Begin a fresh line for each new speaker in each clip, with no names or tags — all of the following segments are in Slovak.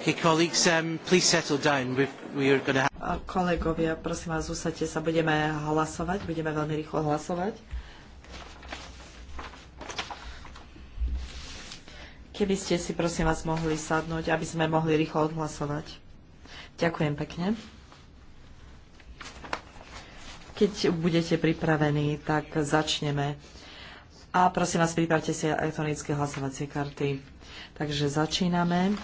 Um,
kolegovia, prosím vás, usadte sa, budeme hlasovať, budeme veľmi rýchlo hlasovať. Keby ste si, prosím vás, mohli sadnúť, aby sme mohli rýchlo odhlasovať. Ďakujem pekne. Keď budete pripravení, tak začneme. A prosím vás, pripravte si elektronické hlasovacie karty. Takže začíname.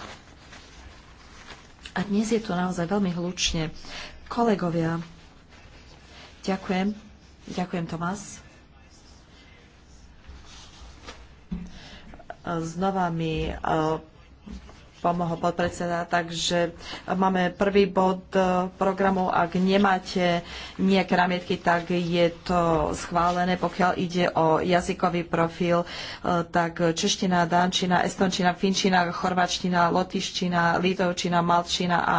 A dnes je to naozaj veľmi hlučne. Kolegovia, ďakujem. Ďakujem, Tomás. Znova mi eh, pomohol podpredseda. Takže máme prvý bod e, programu. Ak nemáte nejaké námietky, tak je to schválené. Pokiaľ ide o jazykový profil, e, tak čeština, dánčina, estončina, finčina, chorvačtina, lotiština, litovčina, malčina a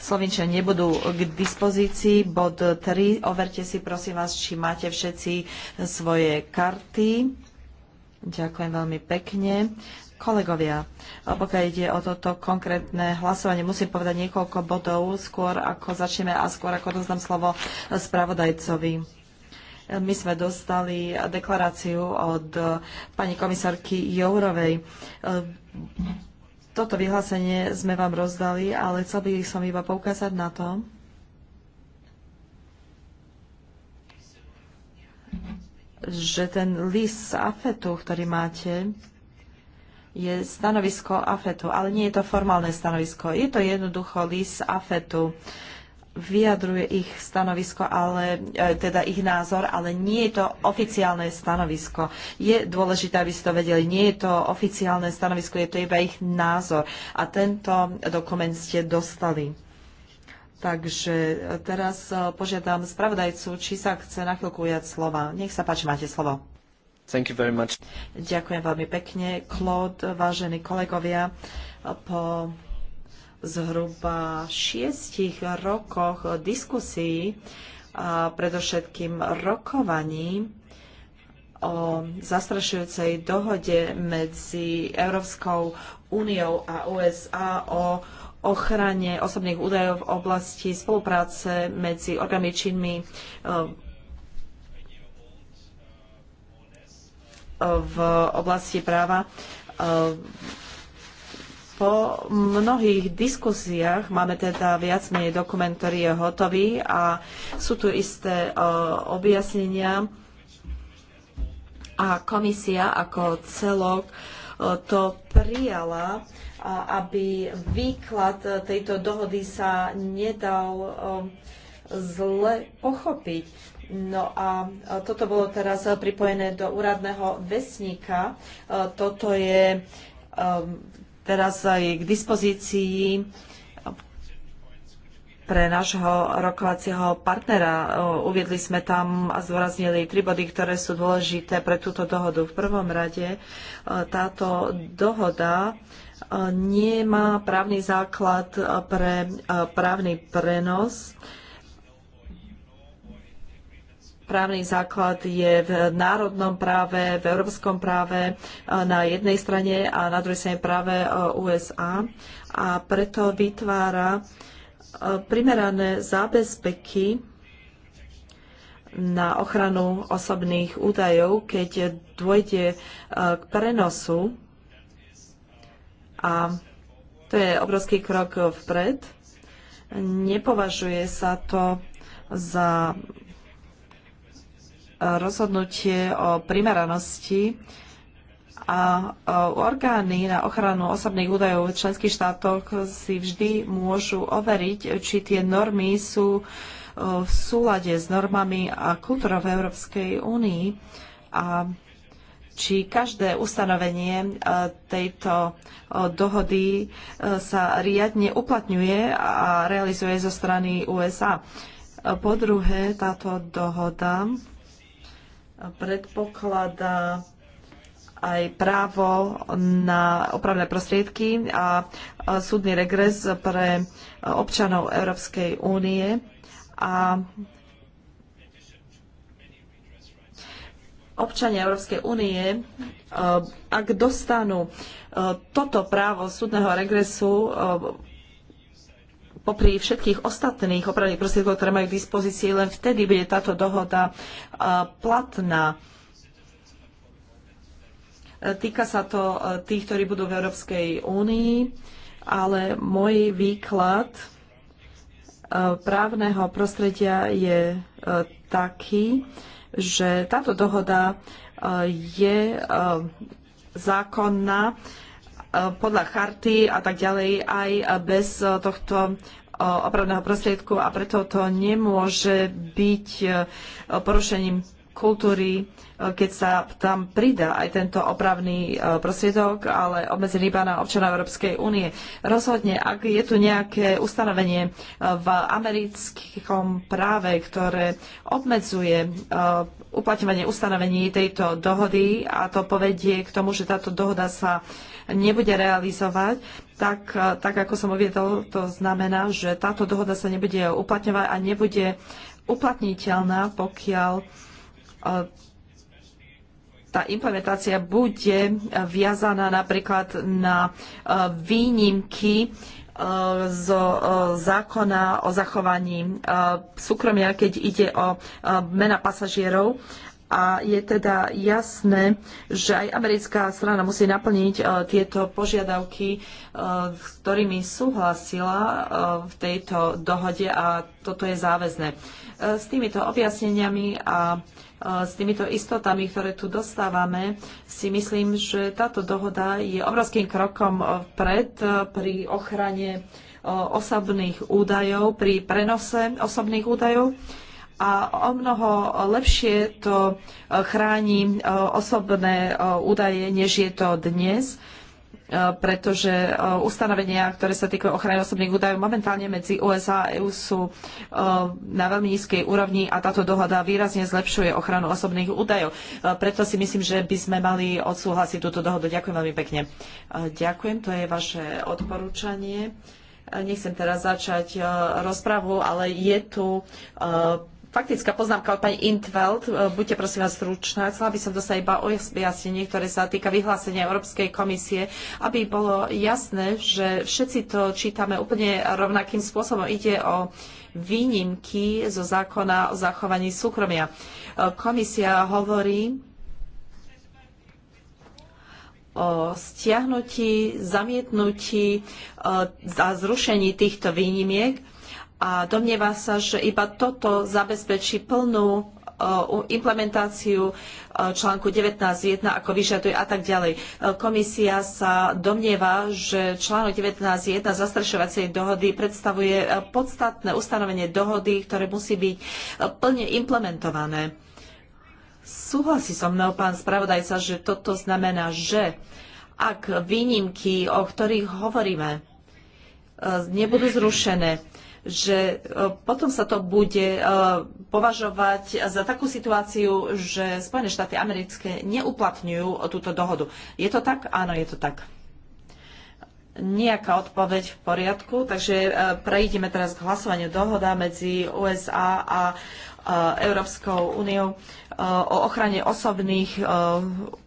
slovinčina nebudú k dispozícii. Bod 3. Overte si prosím vás, či máte všetci svoje karty. Ďakujem veľmi pekne. Kolegovia, pokiaľ ide o toto konkrétne hlasovanie, musím povedať niekoľko bodov skôr, ako začneme a skôr, ako doznam slovo spravodajcovi. My sme dostali deklaráciu od pani komisárky Jourovej. Toto vyhlásenie sme vám rozdali, ale chcel by som iba poukázať na to, že ten list z AFETu, ktorý máte, je stanovisko AFETu, ale nie je to formálne stanovisko. Je to jednoducho list AFETu. Vyjadruje ich stanovisko, ale, e, teda ich názor, ale nie je to oficiálne stanovisko. Je dôležité, aby ste to vedeli. Nie je to oficiálne stanovisko, je to iba ich názor. A tento dokument ste dostali. Takže e, teraz e, požiadam spravodajcu, či sa chce na chvíľku ujať slova. Nech sa páči, máte slovo. Thank you very much. Ďakujem veľmi pekne, Claude, vážení kolegovia. Po zhruba šiestich rokoch diskusí a predovšetkým rokovaní o zastrašujúcej dohode medzi Európskou úniou a USA o ochrane osobných údajov v oblasti spolupráce medzi orgánmi činnými v oblasti práva. Po mnohých diskusiách máme teda viac menej dokument, ktorý je hotový a sú tu isté objasnenia a komisia ako celok to prijala, aby výklad tejto dohody sa nedal zle pochopiť. No a e, toto bolo teraz e, pripojené do úradného vesníka. E, toto je teraz aj k dispozícii pre nášho rokovacieho partnera. Uviedli sme tam a zdôraznili tri body, ktoré sú dôležité pre túto dohodu. V prvom rade táto dohoda nemá právny základ pre právny prenos právny základ je v národnom práve, v európskom práve e, na jednej strane a na druhej strane práve e, USA a preto vytvára e, primerané zábezpeky na ochranu osobných údajov, keď dôjde k prenosu a to je obrovský krok vpred. Nepovažuje sa to za rozhodnutie o primeranosti a orgány na ochranu osobných údajov v členských štátoch si vždy môžu overiť, či tie normy sú e, v súlade s normami a kultúrou v Európskej únii a či každé ustanovenie e, tejto e, dohody sa riadne uplatňuje a realizuje zo strany USA. Po druhé, táto dohoda predpokladá aj právo na opravné prostriedky a súdny regres pre občanov Európskej únie a občania Európskej únie, e, ak dostanú e, toto právo súdneho regresu e, popri všetkých ostatných opravných prostriedkov, ktoré majú k dispozícii, len vtedy bude táto dohoda e, platná. E, týka sa to e, tých, ktorí budú v Európskej únii, ale môj výklad právneho prostredia je taký, že táto dohoda je zákonná E, podľa charty a tak ďalej aj bez e, tohto e, opravného prostriedku a preto to nemôže byť porušením kultúry, e, keď sa tam pridá aj tento opravný e, prostriedok, ale obmedzený iba na občana Európskej únie. Rozhodne, ak je tu nejaké ustanovenie e, v americkom práve, ktoré obmedzuje uplatňovanie ustanovení tejto dohody a to povedie k tomu, že táto dohoda sa nebude realizovať, tak, tak ako som uviedol, to znamená, že táto dohoda sa nebude uplatňovať a nebude uplatniteľná, pokiaľ tá implementácia bude viazaná napríklad na e, výnimky e, z e, zákona o zachovaní súkromia, keď ide o mena pasažierov. A je teda jasné, že aj americká strana musí naplniť tieto požiadavky, s ktorými súhlasila v tejto dohode a toto je záväzné. S týmito objasneniami a s týmito istotami, ktoré tu dostávame, si myslím, že táto dohoda je obrovským krokom pred e, pri ochrane e, osobných údajov, pri prenose osobných údajov a o mnoho lepšie to e, chráni osobné údaje, než je to dnes Eh, pretože eh, ustanovenia, ktoré sa týkajú ochrany osobných údajov momentálne medzi USA a EU sú eh, na veľmi nízkej úrovni a táto dohoda výrazne zlepšuje ochranu osobných údajov. Preto si myslím, že by sme mali odsúhlasiť túto dohodu. Ďakujem veľmi pekne. Ďakujem, to je vaše odporúčanie. Nechcem teraz začať rozpravu, ale je tu Faktická poznámka od pani Intveld. E, buďte prosím vás stručná. Chcela by som dostať iba objasnenie, ktoré sa týka vyhlásenia Európskej komisie, aby bolo jasné, že všetci to čítame úplne rovnakým spôsobom. Ide o výnimky zo zákona o zachovaní súkromia. E, komisia hovorí, o stiahnutí, zamietnutí e, a zrušení týchto výnimiek a domnieva sa, že iba toto zabezpečí plnú e, implementáciu e, článku 19.1, ako vyžaduje a tak ďalej. E, komisia sa domnieva, že článok 19.1 zastrešovacej dohody predstavuje podstatné ustanovenie dohody, ktoré musí byť plne implementované. Súhlasí so mnou pán spravodajca, že toto znamená, že ak výnimky, o ktorých hovoríme, nebudú zrušené, že e, potom sa to bude e, považovať za takú situáciu, že Spojené štáty americké neuplatňujú túto dohodu. Je to tak? Áno, je to tak. Nejaká odpoveď v poriadku, takže e, prejdeme teraz k hlasovaniu dohoda medzi USA a Eh, Európskou úniou eh, o ochrane osobných eh,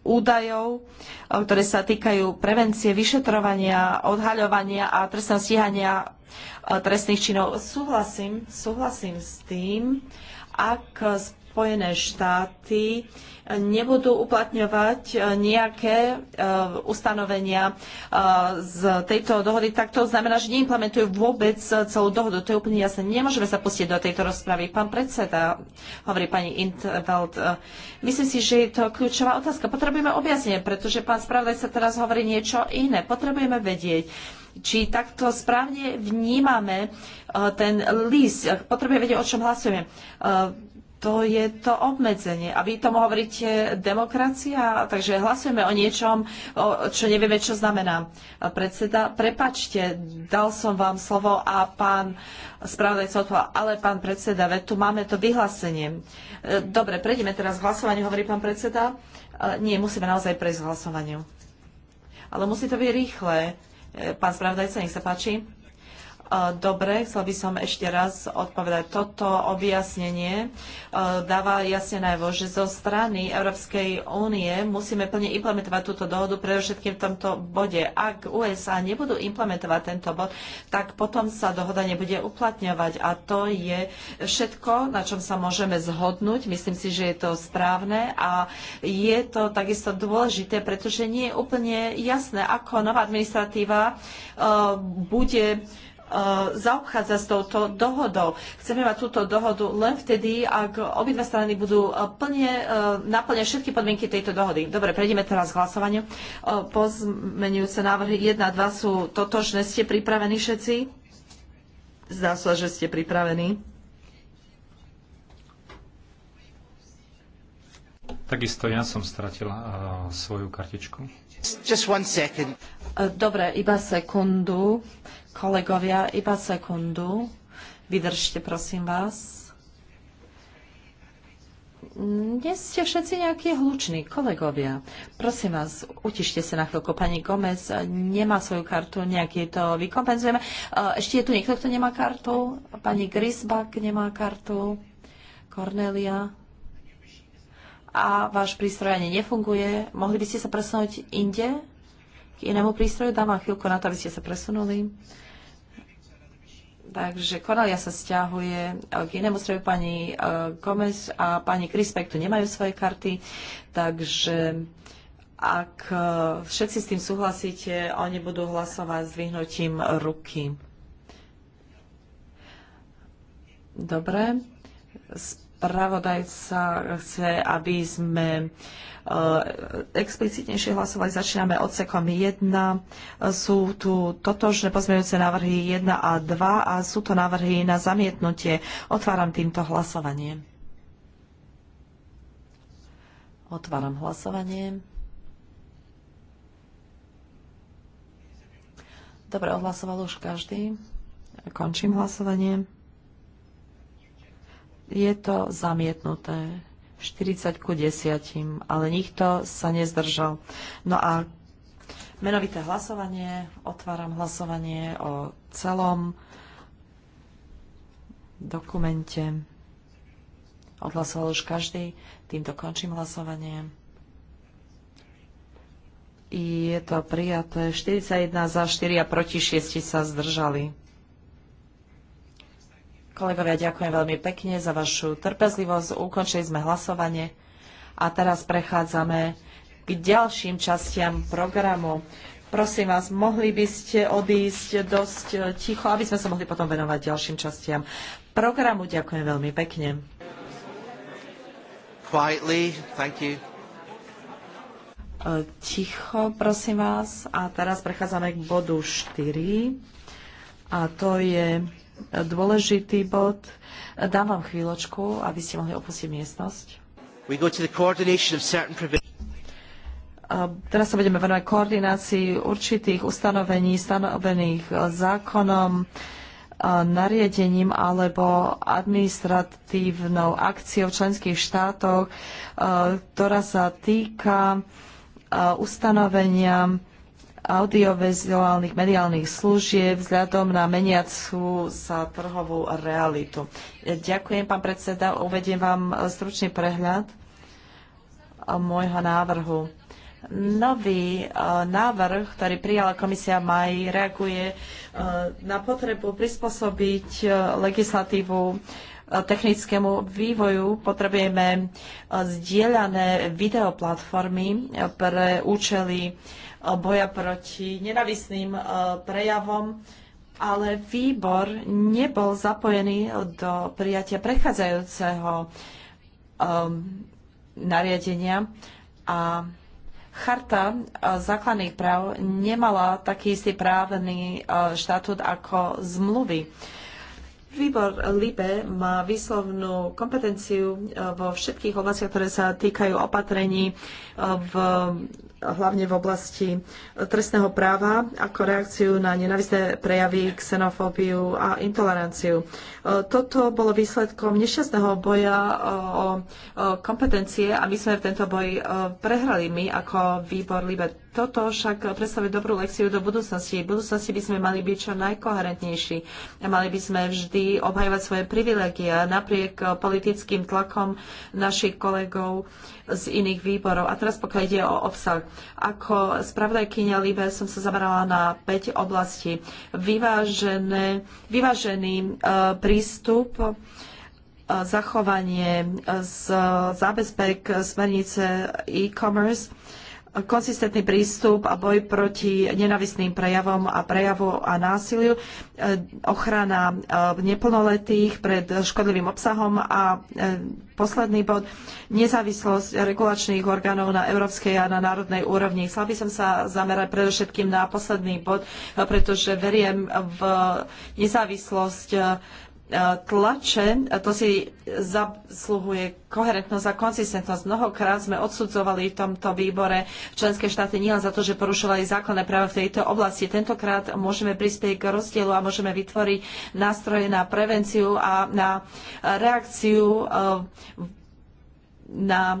údajov, ktoré sa týkajú prevencie, vyšetrovania, odhaľovania a trestného stíhania trestných činov. Súhlasím, súhlasím s tým, ak Spojené štáty nebudú uplatňovať eh, nejaké eh, ustanovenia eh, z tejto dohody, tak to znamená, že neimplementujú vôbec celú dohodu. To je úplne jasné. Nemôžeme sa pustiť do tejto rozpravy. Pán predseda, hovorí pani Intveld, myslím si, že je to kľúčová otázka. Potrebujeme objasnenie, pretože pán spravodaj sa teraz hovorí niečo iné. Potrebujeme vedieť, či takto správne vnímame ten list. Potrebujeme vedieť, o čom hlasujeme to je to obmedzenie. A vy tomu hovoríte demokracia, takže hlasujeme o niečom, čo nevieme, čo znamená. Predseda, prepačte, dal som vám slovo a pán spravodajca odpovedal, ale pán predseda, veď tu máme to vyhlásenie. E, dobre, prejdeme teraz k hlasovaniu, hovorí pán predseda. E, nie, musíme naozaj prejsť k hlasovaniu. Ale musí to byť rýchle. E, pán spravodajca, nech sa páči. Dobre, chcel by som ešte raz odpovedať. Toto objasnenie dáva jasne najvo, že zo strany Európskej únie musíme plne implementovať túto dohodu, predovšetkým v tomto bode. Ak USA nebudú implementovať tento bod, tak potom sa dohoda nebude uplatňovať. A to je všetko, na čom sa môžeme zhodnúť. Myslím si, že je to správne a je to takisto dôležité, pretože nie je úplne jasné, ako nová administratíva bude E, zaobchádza s touto dohodou. Chceme mať túto dohodu len vtedy, ak obidva strany budú e, plne, e, naplňať všetky podmienky tejto dohody. Dobre, prejdeme teraz k hlasovaniu. Pozmenujúce návrhy 1 a 2 sú totožné. Ste pripravení všetci? Zdá sa, že ste pripravení.
Takisto ja som stratila uh, svoju kartičku.
Dobre, iba sekundu. Kolegovia, iba sekundu. Vydržte, prosím vás. Nie ste všetci nejakí hluční, kolegovia. Prosím vás, utište sa na chvíľku. Pani Gomez nemá svoju kartu, nejaký to vykompenzujeme. Eh, ešte je tu niekto, kto nemá kartu? Pani Grisbach nemá kartu. Cornelia. A váš prístroj ani nefunguje. Mohli by ste sa presunúť inde? inému prístroju. Dám vám chvíľku na to, aby ste sa presunuli. Takže Cornelia sa stiahuje e, k inému stroju pani e, Gomez a pani Krispek tu nemajú svoje karty, takže ak e, všetci s tým súhlasíte, oni budú hlasovať s vyhnutím ruky.
Dobre
spravodajca chce, aby sme eh, explicitnejšie hlasovali. Začíname odsekom 1. Sú tu totožné pozmeňujúce návrhy 1 a 2 a sú to návrhy na zamietnutie. Otváram týmto hlasovanie. Otváram hlasovanie. Dobre, odhlasoval už každý. Končím hlasovanie. Je to zamietnuté. 40 ku 10, ale nikto sa nezdržal. No a menovité hlasovanie, otváram hlasovanie o celom dokumente. Odhlasoval už každý, týmto končím hlasovanie. je to prijaté 41 za 4 a proti 6 sa zdržali. Kolegovia, ďakujem veľmi pekne za vašu trpezlivosť. Ukončili sme hlasovanie a teraz prechádzame k ďalším častiam programu. Prosím vás, mohli by ste odísť dosť ticho, aby sme sa mohli potom venovať ďalším častiam programu. Ďakujem veľmi pekne. Quietly, thank you. E, ticho, prosím vás. A teraz prechádzame k bodu 4. A to je dôležitý bod. Dám vám chvíľočku, aby ste mohli opustiť miestnosť. Teraz sa budeme venovať koordinácii určitých ustanovení stanovených zákonom, nariadením alebo administratívnou akciou v členských štátoch, ktorá sa týka ustanovenia audiovizuálnych mediálnych služieb vzhľadom na meniacu sa trhovú realitu. Ďakujem, pán predseda. Uvediem vám stručný prehľad môjho návrhu. Nový e, návrh, ktorý prijala komisia MAI, reaguje e, na potrebu prispôsobiť e, legislatívu technickému vývoju potrebujeme zdieľané videoplatformy pre účely Eh, boja proti nenavisným eh, prejavom, ale výbor nebol zapojený do prijatia prechádzajúceho eh, nariadenia a Charta základných práv nemala taký istý právny štatút ako zmluvy. Výbor LIBE má výslovnú kompetenciu e, vo všetkých oblastiach, ktoré sa týkajú opatrení, e, v, hlavne v oblasti e, trestného práva, ako reakciu na nenavisné prejavy, xenofóbiu a intoleranciu. Toto bolo výsledkom nešťastného boja o kompetencie a my sme v tento boj prehrali my ako výbor LIBE. Toto však predstavuje dobrú lekciu do budúcnosti. V budúcnosti by sme mali byť čo najkoherentnejší a mali by sme vždy obhajovať svoje privilegia napriek eh, politickým tlakom našich kolegov z iných výborov. A teraz pokiaľ ide o obsah. Ako spravodajkynia Libe som sa zamerala na 5 oblastí. Vyvážené, vyvážený eh, prístup eh, zachovanie z zábezpek smernice e-commerce konsistentný prístup a boj proti nenavistným prejavom a prejavu a násiliu, e, ochrana e, neplnoletých pred škodlivým obsahom a e, posledný bod, nezávislosť regulačných orgánov na európskej a na národnej úrovni. Chcela by som sa zamerať predovšetkým na posledný bod, pretože veriem v nezávislosť tlače, to si zasluhuje koherentnosť a konsistentnosť. Mnohokrát sme odsudzovali v tomto výbore členské štáty nielen za to, že porušovali zákonné práva v tejto oblasti. Tentokrát môžeme prispieť k rozdielu a môžeme vytvoriť nástroje na prevenciu a na reakciu eh, na eh,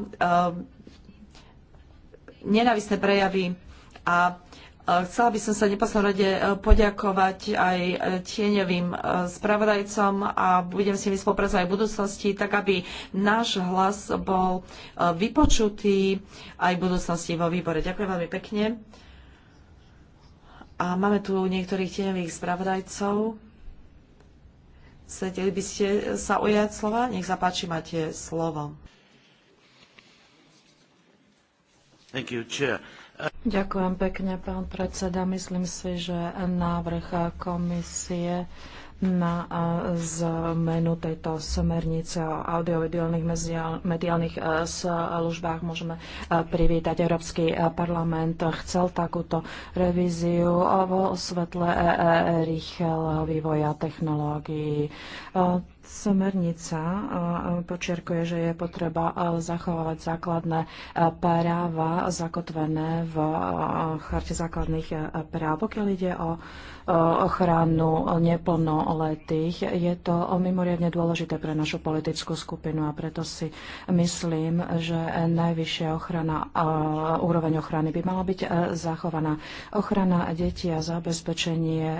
nenavisné prejavy a Chcela by som sa neposlednom rade e, poďakovať aj e, tieňovým e, spravodajcom a budem s nimi spolupracovať aj v budúcnosti, tak aby náš hlas bol vypočutý aj v budúcnosti vo výbore. Ďakujem veľmi pekne. A máme tu niektorých tieňových spravodajcov. Chceli by ste sa ujať slova?
Nech sa páči, máte slovo. Thank you, Chair. Ďakujem pekne, pán predseda. Myslím si, že návrh komisie na zmenu tejto smernice o audiovizuálnych mediálnych eh, službách môžeme eh, privítať. Európsky eh, parlament chcel takúto revíziu vo svetle rýchleho vývoja technológií. Smernica eh, počiarkuje, že je potreba eh, zachovávať základné eh, práva zakotvené v Charte základných práv. Pokiaľ ide o ochranu neplnoletých. Je to mimoriadne dôležité pre našu politickú skupinu a preto si myslím, že najvyššia ochrana, úroveň ochrany by mala byť e, zachovaná. Ochrana detí a zabezpečenie e,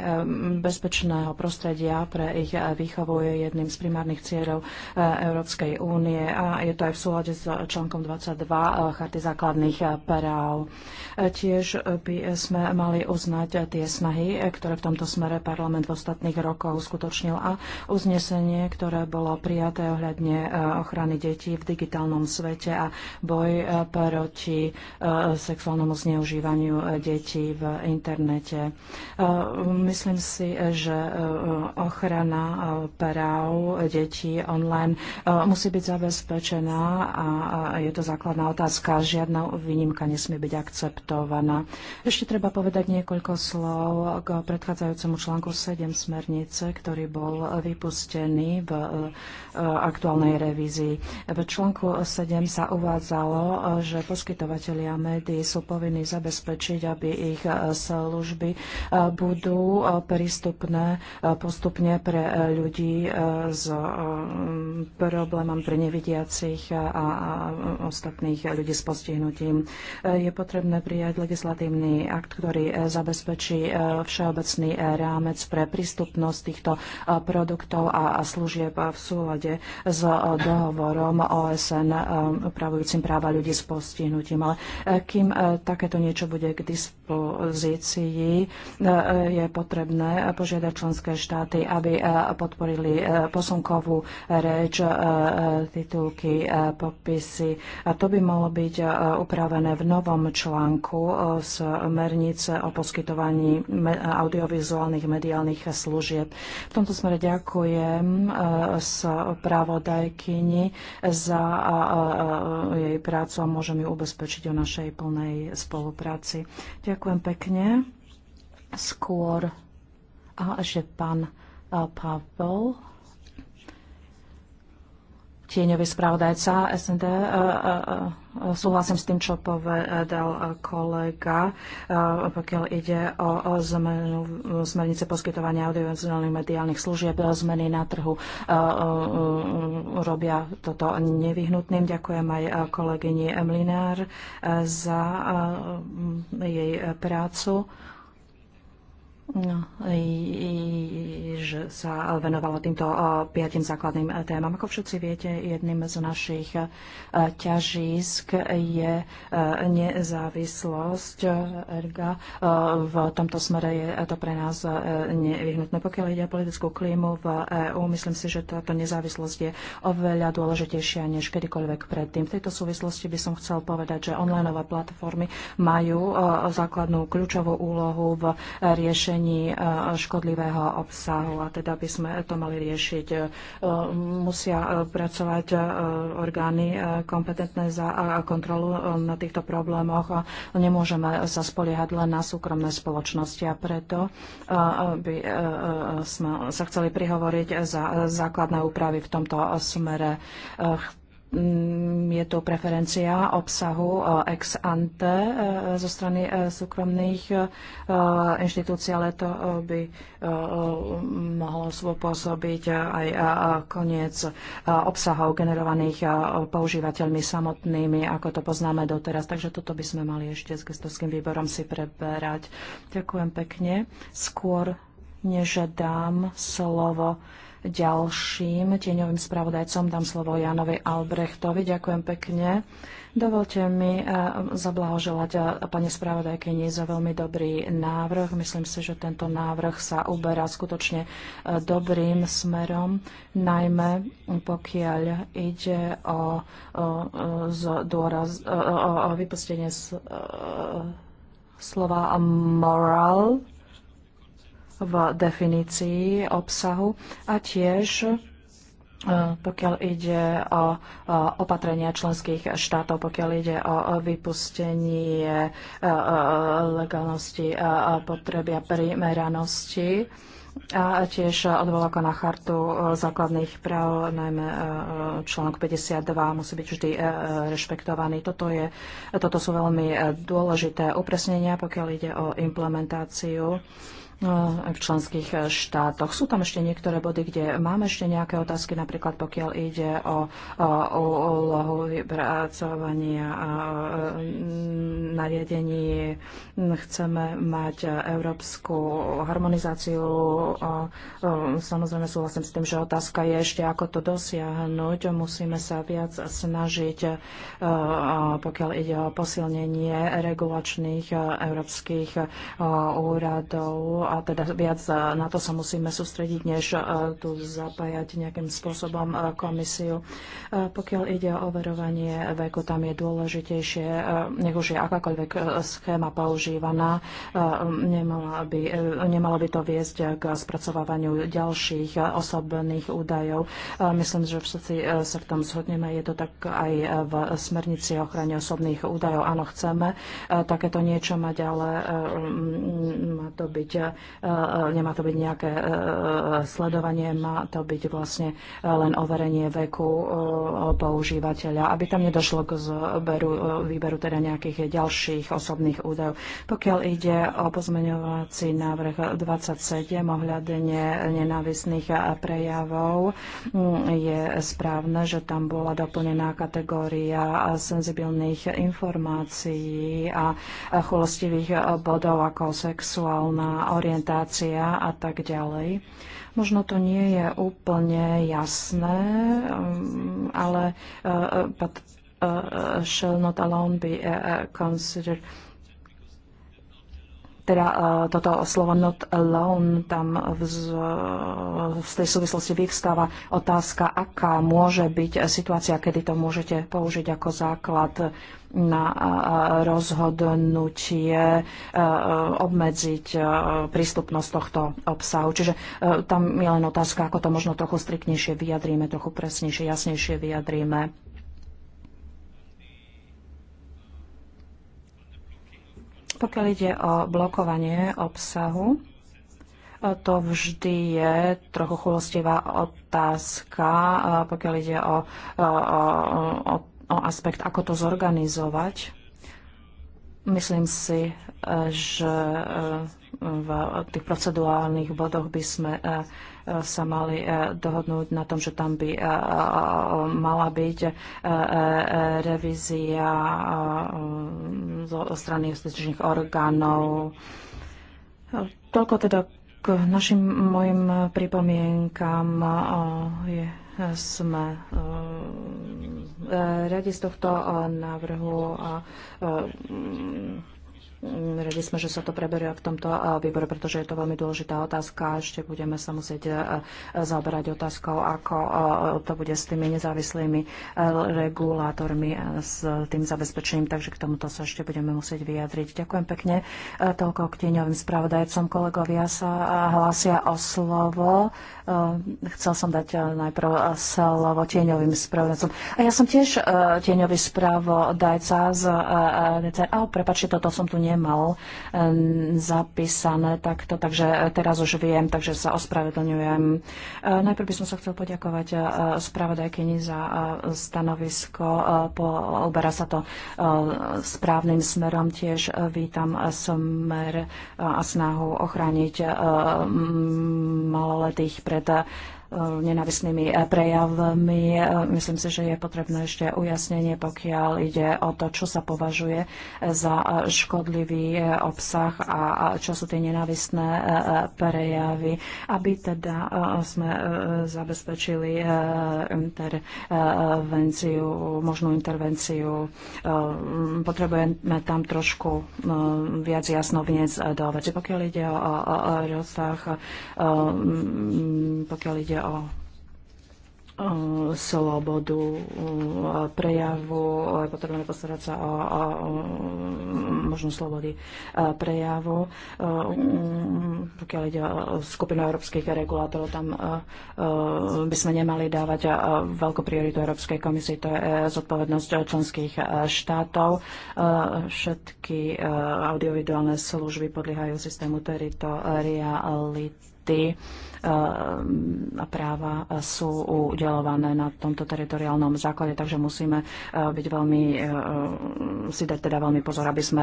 bezpečného prostredia pre ich e, výchovu je jedným z primárnych cieľov Európskej únie a je to aj v súlade s článkom 22 Charty základných práv. Tiež by sme mali uznať tie snahy, ktoré ktoré v tomto smere parlament v ostatných rokoch uskutočnil a uznesenie, ktoré bolo prijaté ohľadne e, ochrany detí v digitálnom svete a boj e, proti e, sexuálnemu zneužívaniu detí v internete. Myslím si, že ochrana práv detí online musí byť zabezpečená a je to základná otázka. Žiadna výnimka nesmie byť akceptovaná. Ešte treba povedať niekoľko slov k pred predchádzajúcemu článku 7 smernice, ktorý bol vypustený v e, e, aktuálnej revízii. V článku 7 sa uvádzalo, že poskytovateľia médií sú povinní zabezpečiť, aby ich e, služby budú prístupné postupne pre ľudí s problémom pre nevidiacich a ostatných ľudí s postihnutím. Je potrebné prijať legislatívny akt, ktorý zabezpečí všeobecné všeobecný eh, rámec pre prístupnosť týchto eh, produktov a služieb eh, v súlade s dohovorom OSN upravujúcim práva ľudí s postihnutím. Ale kým takéto niečo bude k dispozícii, je potrebné požiadať členské štáty, aby podporili posunkovú reč, titulky, popisy. A to by malo byť upravené v novom článku z mernice o poskytovaní audio audiovizuálnych mediálnych služieb. V tomto smere ďakujem eh, právodajkyni za eh, eh, jej prácu a môžem ju ubezpečiť o našej plnej spolupráci. Ďakujem pekne. Skôr a ešte pán Pavel tieňový spravodajca SND. Uh, uh, uh. Súhlasím s tým, čo povedal kolega, eh, pokiaľ ide o zmenu smernice poskytovania audiovizuálnych mediálnych služieb. Zmeny na trhu eh, eh, robia toto nevyhnutným. Ďakujem aj kolegyni Mlinár za jej prácu. No, že sa venovalo týmto piatim základným e, témam. Ako všetci viete, jedným z našich e, ťažísk je e, nezávislosť erga. V tomto smere je to pre nás nevyhnutné. Pokiaľ ide o politickú klímu v EÚ, myslím si, že táto nezávislosť je oveľa dôležitejšia než kedykoľvek predtým. V tejto súvislosti by som chcel povedať, že onlineové platformy majú základnú kľúčovú úlohu v riešení šírení e, škodlivého obsahu a teda by sme to mali riešiť. E, musia e, pracovať orgány kompetentné za kontrolu na týchto problémoch a nemôžeme sa spoliehať len na súkromné spoločnosti a preto by sme sa chceli prihovoriť za základné úpravy v tomto smere. Mm, je tu preferencia obsahu eh, ex ante eh, zo strany eh, súkromných inštitúcií, ale to by mohlo spôsobiť aj koniec obsahov generovaných používateľmi samotnými, ako to poznáme doteraz. Takže toto by sme mali ešte s gestorským výborom si preberať. Ďakujem pekne. Skôr než dám slovo ďalším tieňovým spravodajcom. Dám slovo Janovi Albrechtovi. Ďakujem pekne. Dovolte mi e, zablahoželať e, pani spravodajkyni za veľmi dobrý návrh. Myslím si, že tento návrh sa uberá skutočne e, dobrým smerom, najmä pokiaľ ide o, o, dôraz, o, o, o vypustenie z, slova moral v definícii obsahu a tiež e, pokiaľ ide o opatrenia členských štátov, pokiaľ ide o vypustenie e, e, legálnosti a potreby a primeranosti a tiež odvolávka na chartu základných práv, najmä článok 52 musí byť vždy rešpektovaný. Toto, je, toto sú veľmi dôležité upresnenia, pokiaľ ide o implementáciu Eh, aj v členských eh, štátoch. Sú tam ešte niektoré body, kde máme ešte nejaké otázky, napríklad pokiaľ ide o úlohu vypracovania a eh, nariadení. Chceme mať európsku harmonizáciu. Samozrejme súhlasím s tým, že otázka je ešte, ako to dosiahnuť. Musíme sa viac snažiť, pokiaľ ide o posilnenie regulačných európskych úradov a teda viac e, na to sa musíme sústrediť, než e, tu zapájať nejakým spôsobom e, komisiu. Pokiaľ ide o overovanie veku, tam je dôležitejšie, nech už je akákoľvek schéma používaná, nemala by, nemalo by to viesť k spracovávaniu ďalších osobných údajov. Myslím, že všetci sa v tom zhodneme. Je to tak aj v smernici ochrane osobných údajov. Áno, chceme takéto niečo mať, ale má to byť Eh, nemá to byť nejaké eh, sledovanie, má to byť vlastne eh, len overenie veku používateľa, aby tam nedošlo k zberu, výberu teda nejakých ďalších osobných údajov. Pokiaľ ide o pozmeňovací návrh 27 ohľadne nenávisných prejavov, mm, je správne, že tam bola doplnená kategória senzibilných informácií a chulostivých bodov ako sexuálna orientácia a tak ďalej. Možno to nie je úplne jasné, mm, ale eh, but, eh, shall not alone be eh, considered teda toto slovo not alone tam v, v tej súvislosti vyvstáva otázka, aká môže byť situácia, kedy to môžete použiť ako základ na rozhodnutie e, e, obmedziť e, prístupnosť tohto obsahu. Čiže tam je len otázka, ako to možno trochu striknejšie vyjadríme, trochu presnejšie, jasnejšie vyjadríme. Pokiaľ ide o blokovanie obsahu, to vždy je trochu chulostivá otázka, pokiaľ ide o, o, o, o o aspekt, ako to zorganizovať. Myslím si, e, že e, v tých procedurálnych bodoch by sme e, sa mali dohodnúť na tom, že tam by mala byť revízia zo strany justičných orgánov. Toľko teda k našim mojim pripomienkam je, sme E, rade z tohto e, návrhu a e, Mm, radi sme, že sa to preberie v tomto eh, výbore, pretože je to veľmi dôležitá otázka. Ešte budeme sa musieť eh, eh, zaoberať otázkou, ako to bude s tými nezávislými regulátormi, s tým zabezpečením. Takže k tomuto sa ešte budeme musieť vyjadriť. Ďakujem pekne. Toľko k tieňovým spravodajcom. Kolegovia sa hlásia o slovo. Chcel som dať najprv slovo tieňovým spravodajcom. A ja som tiež tieňový spravodajca z DCA. Prepačte, toto som tu nie nemal zapísané takto, takže e, teraz už viem, takže sa ospravedlňujem. E, najprv by som sa chcel poďakovať e, spravodajkyni za stanovisko. Uberá sa to správnym smerom. Tiež vítam smer a snahu ochrániť maloletých pred nenávisnými prejavmi. Myslím si, že je potrebné ešte ujasnenie, pokiaľ ide o to, čo sa považuje za škodlivý obsah a čo sú tie nenávistné prejavy, aby teda e, sme e, zabezpečili e, intervenciu, možnú intervenciu. Potrebujeme tam trošku viac jasno jasnovniec do veci. Pokiaľ ide o rozsah, pokiaľ ide o slobodu prejavu, je potrebujeme postarať sa o, o, o možnosť slobody e, prejavu. E, pokiaľ ide o skupinu európskych regulátorov, tam e, by sme nemali dávať veľkú prioritu Európskej komisii, to je zodpovednosť členských štátov. Všetky audiovizuálne služby podliehajú systému teritoriality Ty eh, a práva sú udelované na tomto teritoriálnom základe, takže musíme eh, byť veľmi, eh, si dať teda veľmi pozor, aby sme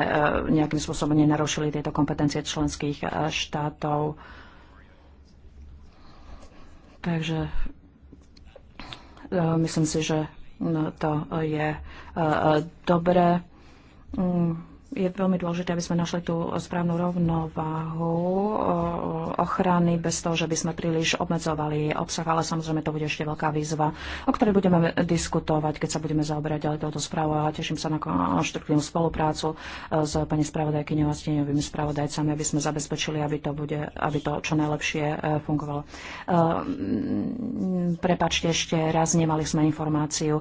nejakým spôsobom nenarušili tieto kompetencie členských štátov. Takže myslím si, že no, to je dobré. Mm je veľmi dôležité, aby sme našli tú správnu rovnováhu eh, ochrany bez toho, že by sme príliš obmedzovali obsah, ale samozrejme to bude ešte veľká výzva, o ktorej budeme diskutovať, keď sa budeme zaoberať ďalej touto správou a teším sa na konštruktívnu spoluprácu eh, s pani spravodajkyňou a steňovými spravodajcami, aby sme zabezpečili, aby to, bude, aby to čo najlepšie eh, fungovalo. Prepačte ešte raz, nemali sme informáciu,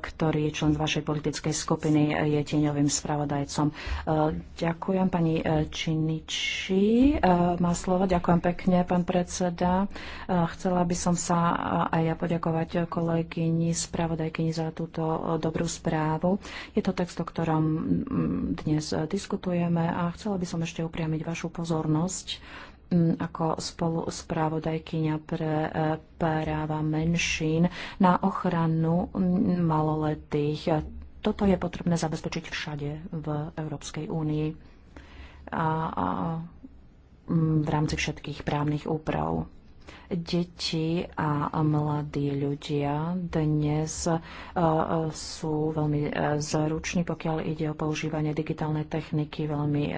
ktorý člen z vašej politickej skupiny je tieňovým spravodajcom časom. E, ďakujem pani e, Činiči. E, má slovo. Ďakujem pekne, pán predseda. Chcela by som sa aj ja poďakovať kolegyni spravodajkyni za túto dobrú správu. Je to text, o ktorom dnes diskutujeme a chcela by som ešte upriamiť vašu pozornosť ako spolu správodajkyňa pre práva menšín na ochranu maloletých toto je potrebné zabezpečiť všade v Európskej únii a, a v rámci všetkých právnych úprav. Deti a mladí ľudia dnes e, e, sú veľmi e, zruční, pokiaľ ide o používanie digitálnej techniky. Veľmi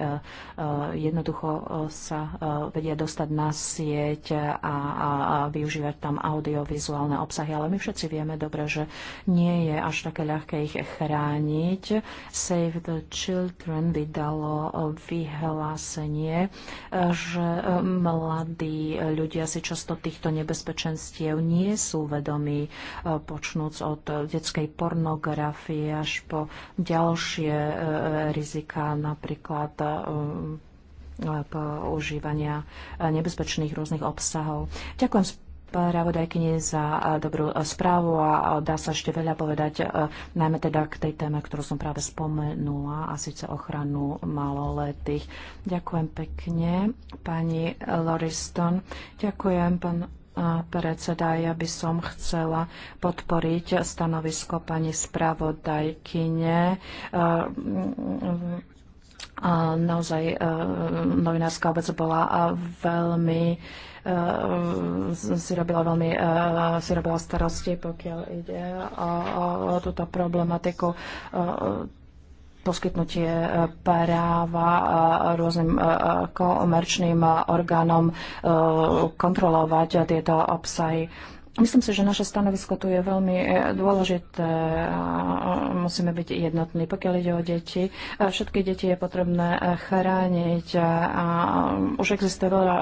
jednoducho sa vedia dostať na sieť a využívať tam audiovizuálne obsahy. Ale my všetci vieme dobre, že nie je až také ľahké ich chrániť. Save the Children vydalo vyhlásenie, že mladí ľudia si často týchto nebezpečenstiev nie sú vedomí, e, počnúc od e, detskej pornografie až po ďalšie e, rizika, napríklad používania nebezpečných rôznych obsahov. Ďakujem spravodajkyni za dobrú správu a dá sa ešte veľa povedať, najmä teda k tej téme, ktorú som práve spomenula, a síce ochranu maloletých. Ďakujem pekne, pani Loriston. Ďakujem, pán predseda, ja by som chcela podporiť stanovisko pani spravodajkyne naozaj novinárska obec bola veľmi Eh, si robila veľmi eh, si robila starosti, pokiaľ ide o, o túto problematiku eh, poskytnutie práva rôznym komerčným orgánom kontrolovať tieto obsahy. Myslím si, že naše stanovisko tu je veľmi e, dôležité. Musíme byť jednotní. Pokiaľ ide o deti, e, všetky deti je potrebné e, chrániť. Už existuje veľa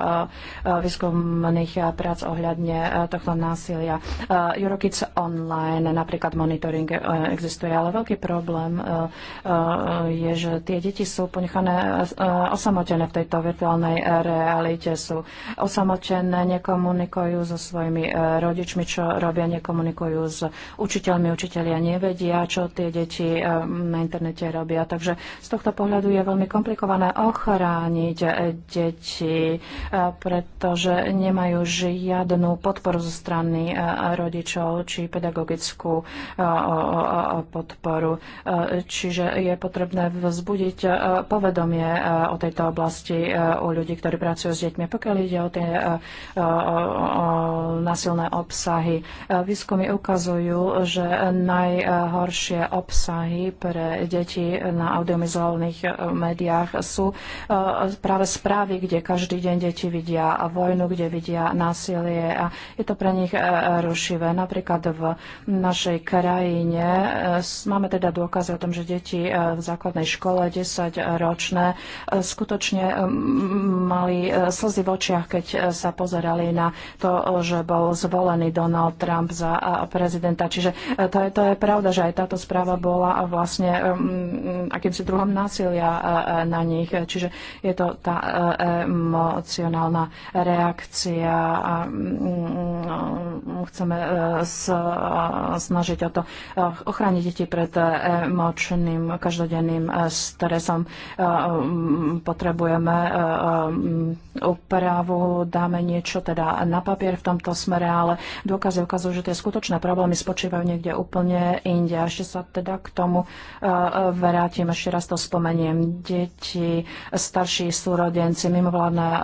výskumných prác ohľadne tohto násilia. Eurokids online, napríklad monitoring existuje, ale veľký problém je, že tie deti sú ponechané osamotené v tejto virtuálnej realite. Sú osamotené, nekomunikujú so svojimi rodičmi rodičmi, čo robia, nekomunikujú s učiteľmi, učiteľia nevedia, čo tie deti eh, na internete robia. Takže z tohto pohľadu je veľmi komplikované ochrániť eh, deti, eh, pretože nemajú žiadnu podporu zo strany rodičov či pedagogickú podporu. Čiže je potrebné vzbudiť povedomie o tejto oblasti u ľudí, ktorí pracujú s deťmi. Pokiaľ ide o tie násilné obchody, obsahy. Výskumy ukazujú, že najhoršie obsahy pre deti na audiovizuálnych e, médiách sú e, práve správy, kde každý deň deti vidia vojnu, kde vidia násilie a je to pre nich e, rušivé. Napríklad v našej krajine máme teda dôkazy o tom, že deti v základnej škole 10-ročné skutočne mali slzy v očiach, keď sa pozerali na to, že bol zvolený zvolený Donald Trump za prezidenta. Čiže e, to je, to je pravda, že aj táto správa bola vlastne e, akýmsi druhom násilia e, na nich. Čiže je to tá emocionálna reakcia a chceme snažiť o to ochrániť deti pred emočným každodenným stresom. Potrebujeme upravu, dáme niečo teda na papier v tomto smere, ale dôkazy ukazujú, že tie skutočné problémy spočívajú niekde úplne inde. A ešte sa teda k tomu e, e, vrátim, ešte raz to spomeniem. Deti, starší súrodenci, mimovládne e,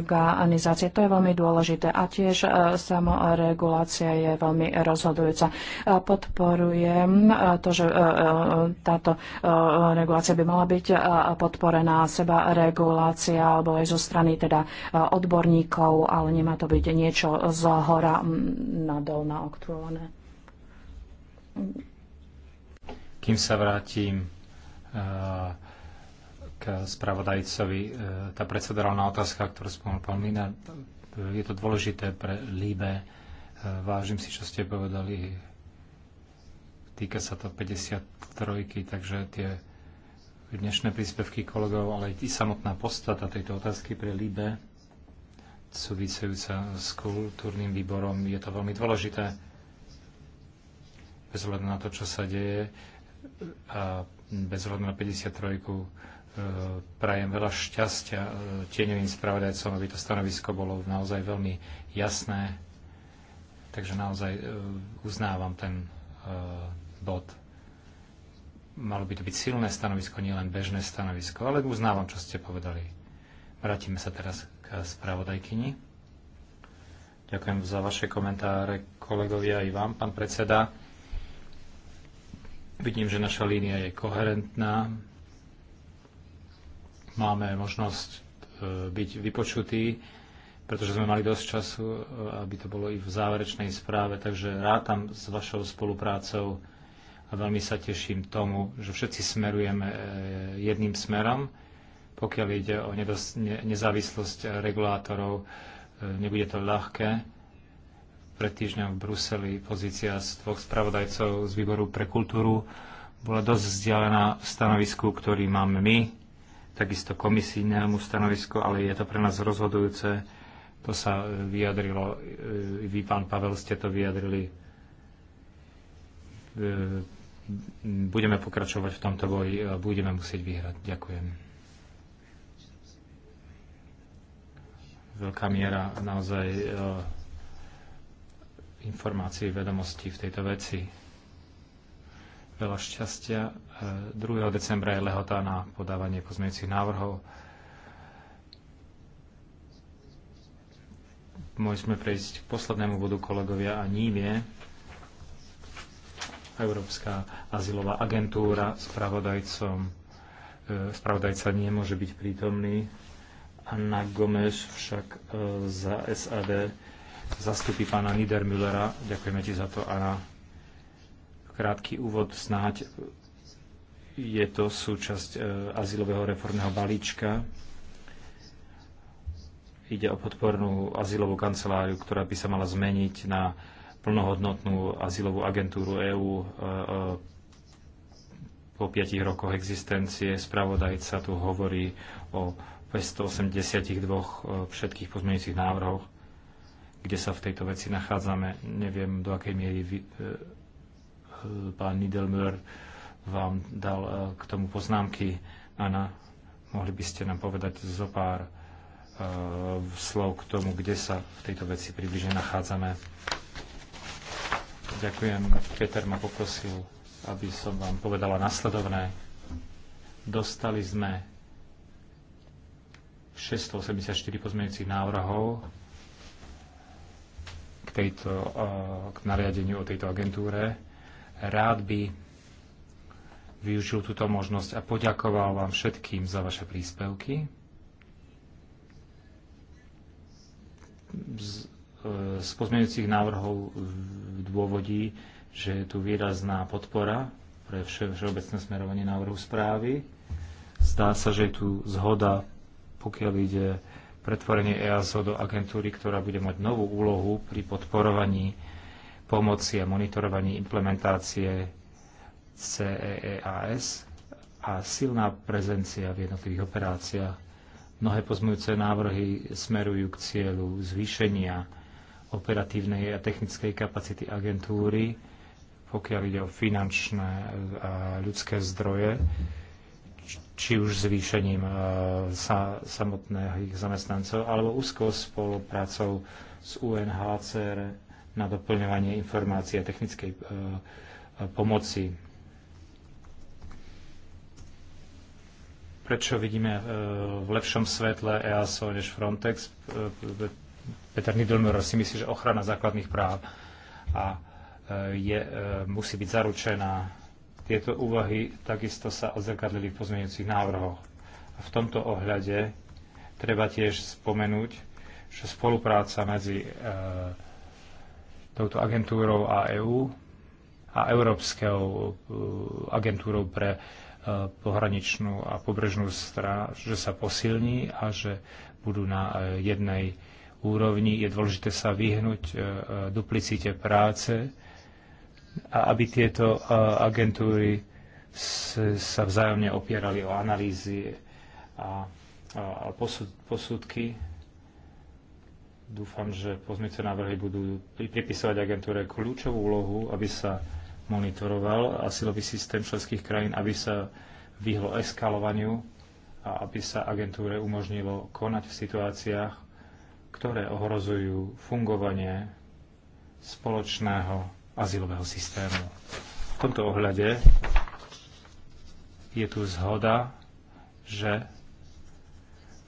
organizácie, to je veľmi dôležité. A tiež samoregulácia je veľmi rozhodujúca. Podporujem to, že táto regulácia by mala byť podporená seba regulácia alebo aj zo strany teda odborníkov, ale nemá to byť niečo z hora nadal naaktuálne.
Kým sa vrátim eh, k spravodajcovi, eh, tá predsedorálna otázka, ktorú spomenul pán Lina, je to dôležité pre Líbe. Eh, vážim si, čo ste povedali. Týka sa to 53, takže tie dnešné príspevky kolegov, ale aj samotná podstata tejto otázky pre Líbe súvisejúca s kultúrnym výborom. Je to veľmi dôležité bez hľadu na to, čo sa deje a bez hľadu na 53 e, prajem veľa šťastia e, tieňovým spravodajcom, aby to stanovisko bolo naozaj veľmi jasné. Takže naozaj e, uznávam ten bod. Malo by to byť silné stanovisko, nielen bežné stanovisko, ale uznávam, čo ste povedali. Vrátime sa teraz spravodajkyni. Ďakujem za vaše komentáre kolegovia i vám, pán predseda. Vidím, že naša línia je koherentná. Máme možnosť e, byť vypočutí, pretože sme mali dosť času, e, aby to bolo i v záverečnej správe, takže rátam s vašou spoluprácou a veľmi sa teším tomu, že všetci smerujeme e, jedným smerom pokiaľ ide o nezávislosť regulátorov. E, nebude to ľahké. Pred týždňom v Bruseli pozícia z dvoch spravodajcov z výboru pre kultúru bola dosť vzdialená v stanovisku, ktorý máme my, takisto komisijnému stanovisku, ale je to pre nás rozhodujúce. To sa e, vyjadrilo, e, vy pán Pavel ste to vyjadrili. Budeme pokračovať v tomto boji a budeme musieť vyhrať. Ďakujem. veľká miera naozaj eh, informácií, vedomostí v tejto veci. Veľa šťastia. 2. Eh, decembra je lehota na podávanie pozmeňujúcich návrhov. sme prejsť k poslednému bodu kolegovia a ním je Európska azylová agentúra spravodajcom. Eh, spravodajca nemôže byť prítomný. Anna Gomes však e, za SAD zastupí pána Niedermüllera. Ďakujeme ti za to, Anna. Krátky úvod snáď je to súčasť e, azylového reformného balíčka. Ide o podpornú azylovú kanceláriu, ktorá by sa mala zmeniť na plnohodnotnú azylovú agentúru EÚ e, po piatich rokoch existencie. Spravodajca tu hovorí o 282 eh, všetkých pozmeňujúcich návrhoch, kde sa v tejto veci nachádzame. Neviem, do akej miery vy, eh, eh, pán Niedelmüller vám dal k tomu poznámky. Anna, mohli by ste nám povedať zo pár slov k tomu, kde sa v tejto veci približne nachádzame. Ďakujem. Peter ma poprosil, aby som vám povedala nasledovné. Dostali sme 684 pozmeňujúcich návrhov k, tejto, e, k nariadeniu o tejto agentúre. Rád by využil túto možnosť a poďakoval vám všetkým za vaše príspevky. Z, e, z pozmeňujúcich návrhov dôvodí, že je tu výrazná podpora pre všeobecné smerovanie návrhu správy. Zdá sa, že je tu zhoda pokiaľ ide pretvorenie EASO do agentúry, ktorá bude mať novú úlohu pri podporovaní pomoci a monitorovaní implementácie CEEAS a silná prezencia v jednotlivých operáciách. Mnohé pozmujúce návrhy smerujú k cieľu zvýšenia operatívnej a technickej kapacity agentúry, pokiaľ ide o finančné a ľudské zdroje či už zvýšením e, sa, samotných zamestnancov alebo úzkou spoluprácou s UNHCR na doplňovanie informácií a technickej e, e, pomoci. Prečo vidíme v lepšom svetle EASO než Frontex? Peter Nidelmüller si myslí, že ochrana základných práv a je, musí byť zaručená tieto úvahy takisto sa odzrkadlili v pozmeňujúcich návrhoch. A v tomto ohľade treba tiež spomenúť, že spolupráca medzi e, touto agentúrou a EÚ EU a Európskou e, agentúrou pre e, pohraničnú a pobrežnú stráž, že sa posilní a že budú na e, jednej úrovni. Je dôležité sa vyhnúť duplicite práce a aby tieto agentúry sa vzájomne opierali o analýzy a, posudky. Dúfam, že pozmice návrhy budú pripisovať agentúre kľúčovú úlohu, aby sa monitoroval asilový systém členských krajín, aby sa vyhlo eskalovaniu a aby sa agentúre umožnilo konať v situáciách, ktoré ohrozujú fungovanie spoločného azylového systému. V tomto ohľade je tu zhoda, že,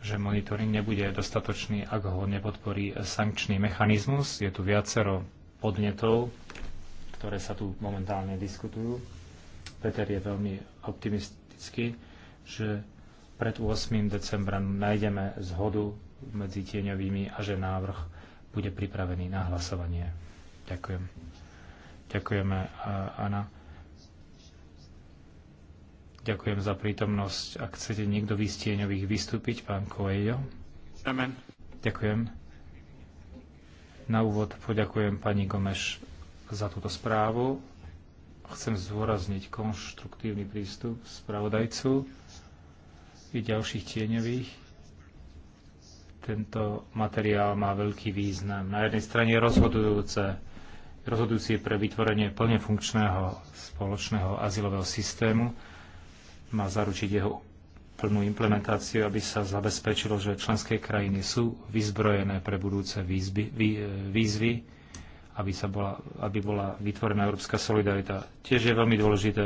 že monitoring nebude dostatočný, ak ho nepodporí sankčný mechanizmus. Je tu viacero podnetov, ktoré sa tu momentálne diskutujú. Peter je veľmi optimistický, že pred 8. decembra nájdeme zhodu medzi tieňovými a že návrh bude pripravený na hlasovanie. Ďakujem. Ďakujeme, eh, Anna. Ďakujem za prítomnosť. Ak chcete niekto výstieňových vystúpiť, pán Coelho. Amen. Ďakujem. Na úvod poďakujem pani Gomeš za túto správu. Chcem zdôrazniť konštruktívny prístup spravodajcu i ďalších tieňových. Tento materiál má veľký význam. Na jednej strane je rozhodujúce, rozhodujúci pre vytvorenie plne funkčného spoločného azylového systému. Má zaručiť jeho plnú implementáciu, aby sa zabezpečilo, že členské krajiny sú vyzbrojené pre budúce výzby, vý, e, výzvy, aby, sa bola, aby bola vytvorená európska solidarita. Tiež je veľmi dôležité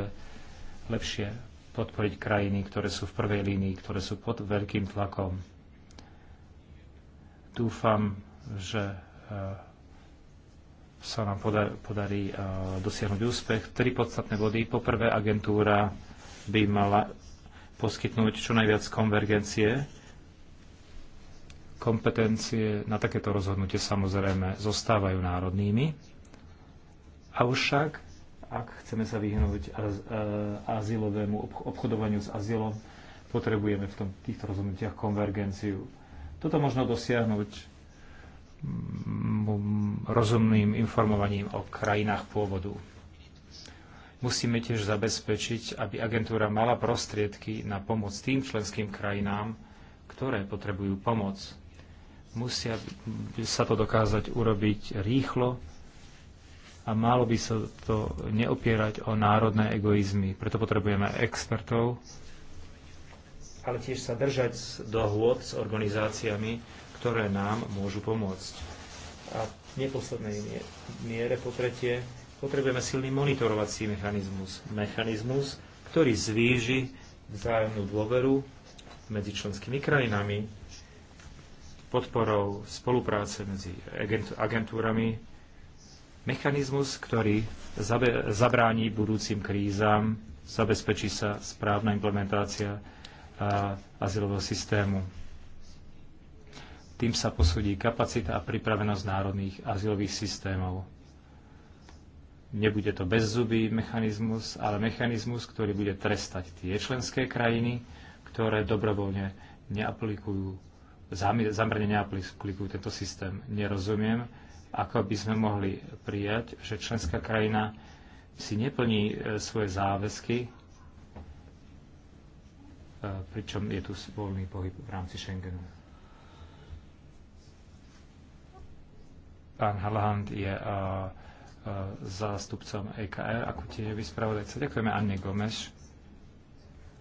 lepšie podporiť krajiny, ktoré sú v prvej línii, ktoré sú pod veľkým tlakom. Dúfam, že e, sa nám podar, podarí dosiahnuť úspech. Tri podstatné body. Poprvé, agentúra by mala poskytnúť čo najviac konvergencie, kompetencie na takéto rozhodnutie samozrejme zostávajú národnými. Avšak, ak chceme sa vyhnúť azylovému obchodovaniu s azylom, potrebujeme v tom, týchto rozhodnutiach konvergenciu. Toto možno dosiahnuť rozumným informovaním o krajinách pôvodu. Musíme tiež zabezpečiť, aby agentúra mala prostriedky na pomoc tým členským krajinám, ktoré potrebujú pomoc. Musia sa to dokázať urobiť rýchlo a malo by sa to neopierať o národné egoizmy. Preto potrebujeme expertov, ale tiež sa držať dohôd s organizáciami, ktoré nám môžu pomôcť. A v neposlednej miere po tretie potrebujeme silný monitorovací mechanizmus. Mechanizmus, ktorý zvýži vzájomnú dôveru medzi členskými krajinami, podporou spolupráce medzi agentúrami, mechanizmus, ktorý zabráni budúcim krízam, zabezpečí sa správna implementácia azylového systému. Tým sa posúdi kapacita a pripravenosť národných azylových systémov. Nebude to bezzubý mechanizmus, ale mechanizmus, ktorý bude trestať tie členské krajiny, ktoré dobrovoľne neaplikujú, zamrne neaplikujú tento systém. Nerozumiem, ako by sme mohli prijať, že členská krajina si neplní e, svoje záväzky, e, pričom je tu voľný pohyb v rámci Schengenu. Pán Halahand je a, eh, a, eh, zástupcom EKR ako tieňový spravodajca. Ďakujeme Anne Gomeš.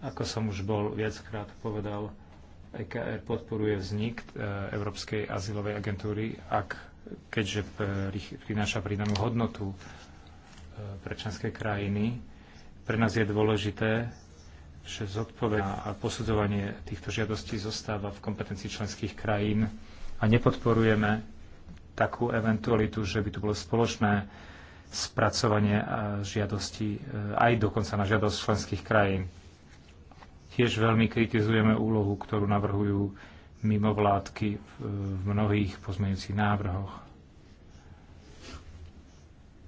Ako som už bol viackrát povedal, EKR podporuje vznik eh, Európskej azylovej agentúry, ak, keďže prináša pridanú hodnotu pre členské krajiny. Pre nás je dôležité, že zodpovedá a posudzovanie týchto žiadostí zostáva v kompetencii členských krajín a nepodporujeme takú eventualitu, že by tu bolo spoločné spracovanie eh, žiadosti eh, aj dokonca na žiadosť členských krajín. Tiež veľmi kritizujeme úlohu, ktorú navrhujú mimovládky v mnohých pozmeňujúcich návrhoch.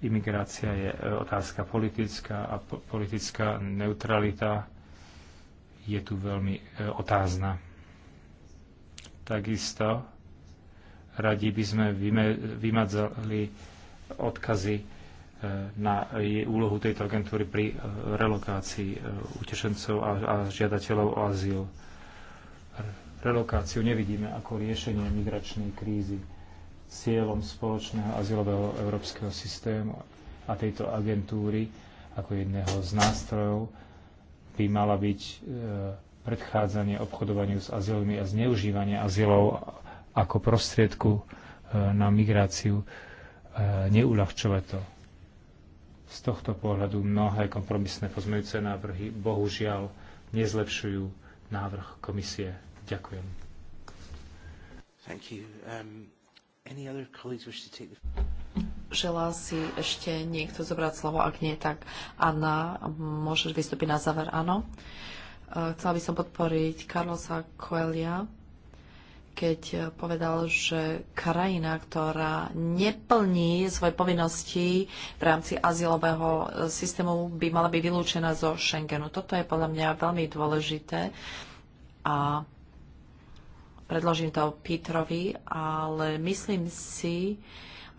Imigrácia je eh, otázka politická a po politická neutralita je tu veľmi otázna. Takisto Radi by sme vymadzali odkazy e, na úlohu tejto agentúry pri e, relokácii e, utešencov a žiadateľov o azyl. Relokáciu nevidíme ako riešenie migračnej krízy cieľom spoločného azylového európskeho systému a tejto agentúry ako jedného z nástrojov by mala byť predchádzanie obchodovaniu s azylmi a zneužívanie azylov ako prostriedku e, na migráciu, e, neuľahčovať to. Z tohto pohľadu mnohé kompromisné pozmeňujúce návrhy bohužiaľ nezlepšujú návrh komisie. Ďakujem. Um, the...
Želá si ešte niekto zobrať slovo? Ak nie, tak Anna, môžeš vystúpiť na záver, áno. E, chcela by som podporiť Carlosa Coelia keď eh, povedal, že krajina, ktorá neplní svoje povinnosti v rámci azylového eh, systému, by mala byť vylúčená zo Schengenu. Toto je podľa mňa veľmi dôležité a predložím to Petrovi, ale myslím si,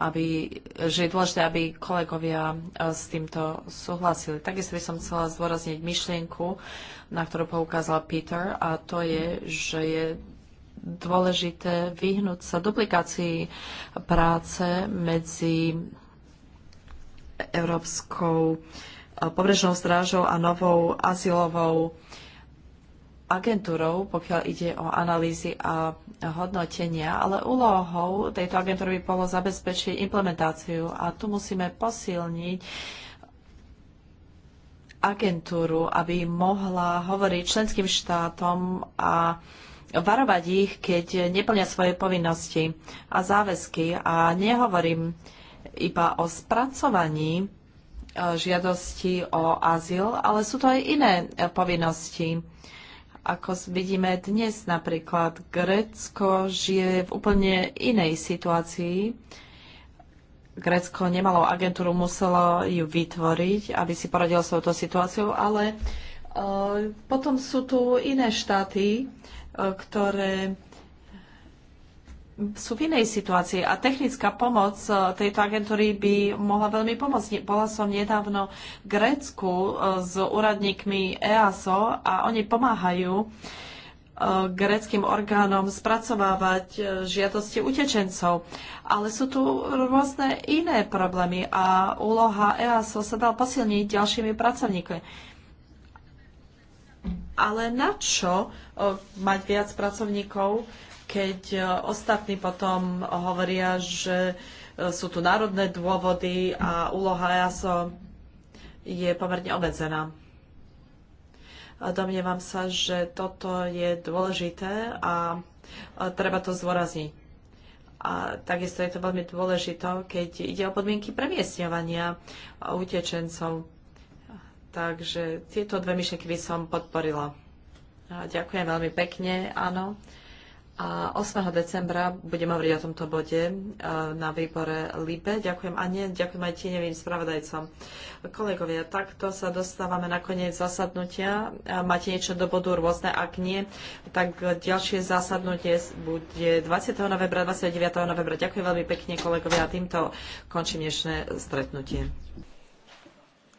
aby, že je dôležité, aby kolegovia eh, s týmto súhlasili. Takisto by som chcela zdôrazniť myšlienku, na ktorú poukázal Peter, a to je, že je dôležité vyhnúť sa duplikácii práce medzi Európskou eh, pobrežnou strážou a novou azylovou agentúrou, pokiaľ ide o analýzy a hodnotenia, ale úlohou tejto agentúry by bolo zabezpečiť implementáciu a tu musíme posilniť agentúru, aby mohla hovoriť členským štátom a varovať ich, keď neplňa svoje povinnosti a záväzky. A nehovorím iba o spracovaní e, žiadosti o azyl, ale sú to aj iné e, povinnosti. Ako vidíme dnes napríklad, Grécko žije v úplne inej situácii. Grécko nemalo agentúru, muselo ju vytvoriť, aby si poradilo s touto situáciou, ale Eh, potom sú tu iné štáty, eh, ktoré sú v inej situácii a technická pomoc eh, tejto agentúry by mohla veľmi pomôcť. Bola som nedávno v Grécku s úradníkmi EASO a oni pomáhajú greckým orgánom spracovávať žiadosti utečencov. Ale sú tu rôzne iné problémy a úloha EASO sa dá posilniť ďalšími pracovníkmi ale na čo mať viac pracovníkov, keď ostatní potom hovoria, že sú tu národné dôvody a úloha JASO je pomerne obmedzená. Domnievam sa, že toto je dôležité a treba to zdôrazniť. A takisto je to veľmi dôležité, keď ide o podmienky premiestňovania utečencov Takže tieto dve myšlenky by som podporila. A ďakujem veľmi pekne, áno. A 8. decembra budem hovoriť o tomto bode e, na výbore LIBE. Ďakujem a nie, ďakujem aj tieňovým spravodajcom. Kolegovia, takto sa dostávame na koniec zasadnutia. Máte niečo do bodu rôzne? Ak nie, tak ďalšie zasadnutie bude 20. novembra, 29. novembra. Ďakujem veľmi pekne, kolegovia. A týmto končím dnešné stretnutie.